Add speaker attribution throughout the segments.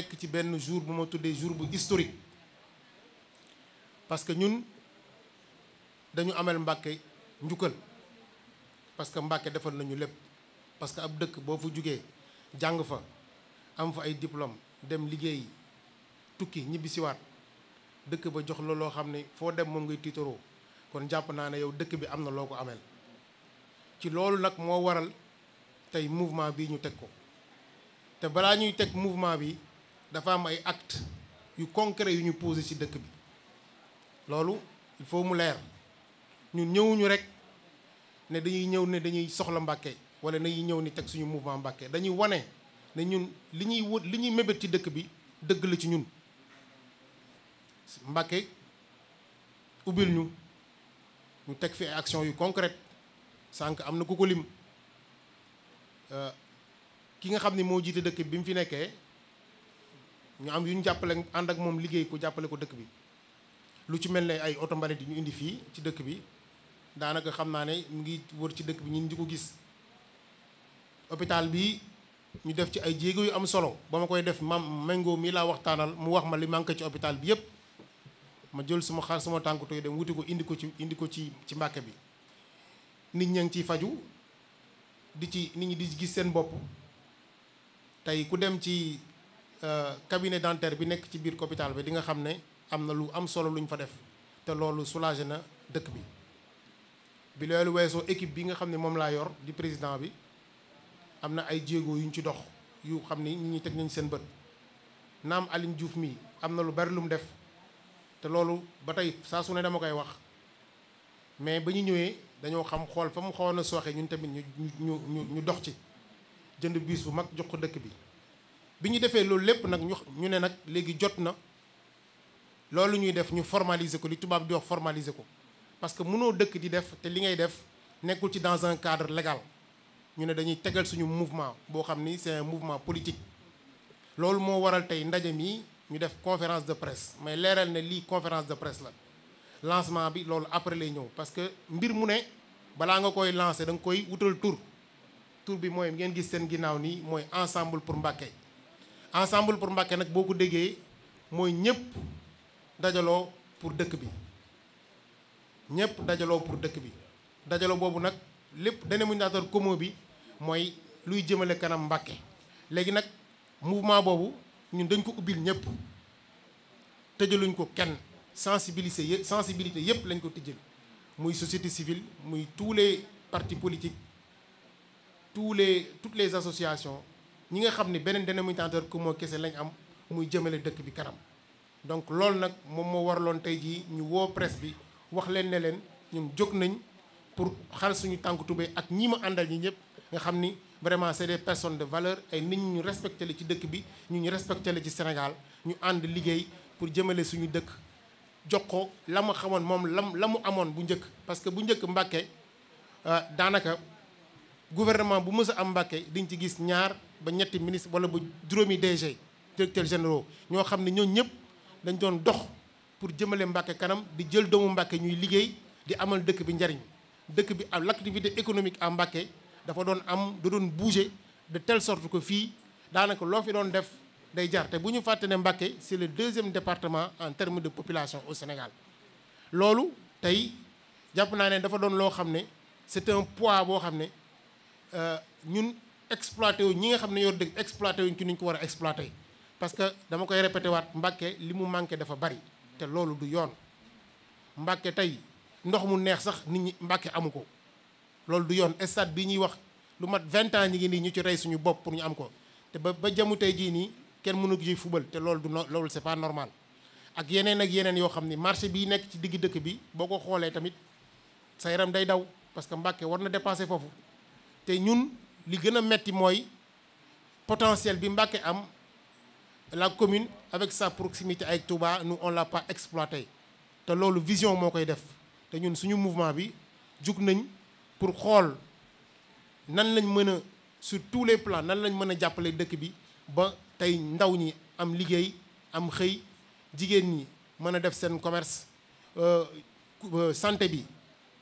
Speaker 1: nekk ci benn jour bu ma tuddee jour bu historique parce que ñun dañu ameel Mbàkke njukkal parce que Mbàkke defal nañu lépp parce que ab dëkk boo fa jógee jàng fa am fa ay diplôme dem liggéey tukki ñibbisiwaat dëkk ba jox la loo xam ne foo dem moom ngay tiitaroo kon jàpp naa ne yow dëkk bi am na loo ko ameel ci loolu nag moo waral tey mouvement bi ñu teg ko te balaa ñuy teg mouvement bi dafa am ay acte yu concret yu ñu posé ci dëkk bi loolu il faut mu leer ñun ñëwuñu rek ne dañuy ñëw ne dañuy soxla Mbàkke wala dañuy ñëw ni teg suñu mouvement Mbàkke dañuy wane ne ñun li ñuy wut li ñuy mébét ci dëkk bi dëgg la ci ñun Mbàkke ubbil ñu ñu teg fi ay action yu concrète sànq am na ku ko lim euh, ki nga xam ne moo jiite dëkk bi bi mu fi nekkee ñu am yu ñu jàppale ànd ak moom liggéey ko jàppale ko dëkk bi lu ci mel ne ay oto mbari yi ñu indi fii ci dëkk bi daanaka xam naa ne mu ngi wër ci dëkk bi ñun di ko gis hôpital bi ñu def ci ay jéego yu am solo ba ma koy def mam méngoo mi laa waxtaanal mu wax ma li manqué ci hôpital bi yépp ma jël suma xaar sama tànk tooy dem wuti ko indi ko ci indi ko ci ci Mbàkke bi nit ñaa ngi ciy faju di ci nit ñi di gis seen bopp tey ku dem ci Euh, cabinet dentaire bi nekk ci biir hôpital bi di nga xam ne am na lu am solo lu ñu fa def te loolu soulagé na dëkk bi bi loolu weesoo équipe bi nga xam ne moom laa yor di président bi am na ay jéego yu ñu ci dox yu xam ni ñi teg nañ seen bët naam Aline Diouf mii am na lu bari lu mu def te loolu ba tey saa su ne dama koy wax mais ba ñu ñëwee dañoo xam xool fa mu xawoon na sooxee ñun tamit ñu ñu ñu ñu dox ci jënd biis bu mag jox dëkk bi bi ñu defee loolu lépp nag ñu ñu ne nag léegi jot na loolu ñuy def ñu formaliser ko li tubaab di wax formaliser ko parce que mënoo dëkk di def te li ngay def nekkul ci dans un cadre légal ñu ne dañuy tegal suñu mouvement boo xam ni c'est mouvement politique loolu moo waral tey ndaje mi ñu def conférence de presse mais leeral ne lii conférence de presse la lancement bi loolu après lay ñëw parce que mbir mu ne balaa nga koy lancer da nga koy wutal tur tur bi mooy ngeen gis seen ginnaaw nii mooy pour Mbacké ensemble pour Mbacké nag boo ko déggee mooy ñëpp dajaloo pour dëkk bi ñëpp dajaloo pour dëkk bi dajaloo boobu nag lépp dénominateur commun bi mooy luy jëmale kanam Mbacké léegi nag mouvement boobu ñun dañ ko ubbil ñëpp tëjaluñ ko kenn sensibiliser yëpp sensibilité yëpp lañ ko tijjal muy société civile muy tous les partis politiques tous les toutes les associations ñi nga xam ne beneen dénominateur commun kese lañ am muy jëmale dëkk bi kanam donc loolu nag moom moo waraloon tey jii ñu woo presse bi wax leen ne leen ñun jóg nañ pour xal suñu tànk tubéy ak ñi ma àndal ñi ñëpp nga xam ni vraiment c'est des personne de valeur ay nit ñu respecté la ci dëkk bi ñu ñu respecté la ci Sénégal ñu ànd liggéey pour jëmale suñu dëkk jox ko la mu xamoon moom lam la mu amoon bu njëkk parce que bu njëkk Mbàkke euh, daanaka gouvernement bu mës a am Mbàkke diñ ci gis ñaar ba ñetti ministre wala ba juróomi DG directeur généraux ñoo xam ne ñoo ñëpp dañ doon dox pour jëmale Mbàkke kanam di jël doomu Mbàkke ñuy liggéey di amal dëkk bi njariñ dëkk bi ak l'activité économique à Mbàkke dafa doon am da doon bouger de telle sorte que fii daanaka loo fi doon def day jar te bu ñu fàtte ne Mbàkke c'est le deuxième département en terme de population au Sénégal loolu tey jàpp naa ne dafa doon loo xam ne c'est un poids boo xam ne Euh, ñun exploité wu ñi nga xam ne ñoo dëgg exploité wuñ ci ni ñu ko war a exploité parce que dama koy répété waat Mbàkke li mu manqué dafa bari te loolu du yoon Mbàkke tey ndox mu neex sax nit ñi Mbàkke amu ko loolu du yoon stade bi ñuy wax lu mat vingt ans ñi ngi ñu ci rey suñu bopp pour ñu am ko te ba ba jamu tey jii nii kenn mënu ko ci fubal te loolu du loolu c'est pas normal ak yeneen ak yeneen yoo xam ni marché bii nekk ci digg dëkk bi boo ko xoolee tamit sa yaram day daw parce que Mbàkke war na dépasser foofu te ñun li gën a metti mooy potentiel bi Mbacké am la commune avec sa proximité ay Touba nu on l'a pas exploité te loolu vision moo koy def te ñun suñu mouvement bi jug nañ pour xool nan lañ mën a sur tous les plans nan lañ mën a jàppale dëkk bi ba tey ndaw ñi am liggéey am xëy jigéen ñi mën a def seen commerce euh, euh, santé bi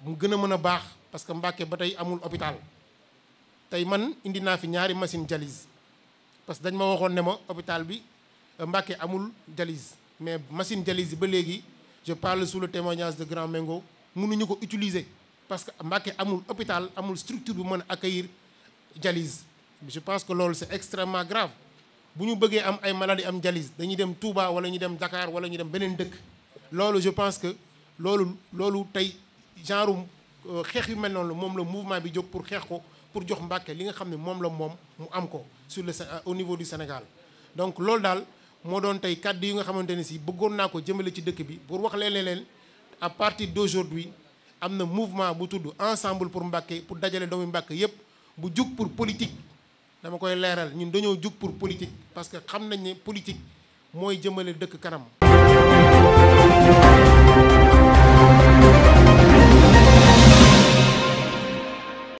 Speaker 1: mu gën a mën a baax parce que Mbacké ba tey amul hôpital tey man indi naa fi ñaari machine jalise parce que dañ ma waxoon ne ma hôpital bi euh, Mbacké amul jalise mais machine jalise ba léegi je parle sous le témoignage de Grand Mengo munuñu ko utiliser parce que Mbacké amul hôpital amul structure bu mën a accueillir jalise je pense que loolu c'est extrêmement grave bu ñu bëggee am ay maladies am dialyse dañuy dem Touba wala ñu dem Dakar wala ñu dem beneen dëkk loolu je pense que loolu loolu tey genre euh, xeex yu mel noonu moom la mouvement bi jóg pour xeex ko pour jox Mbàkke li nga xam ne moom la moom mu am ko sur le euh, au niveau du Sénégal donc loolu daal moo doon tey kàddu yi nga xamante ne si bëggoon naa ko jëmale ci dëkk bi pour wax leen leen à partir d'aujourd'hui am na mouvement bu tudd ensemble pour Mbàkke pour dajale doomi Mbàkke yépp bu jug pour politique dama koy leeral ñun dañoo jug pour politique parce que xam nañ ne politique mooy jëmale dëkk kanam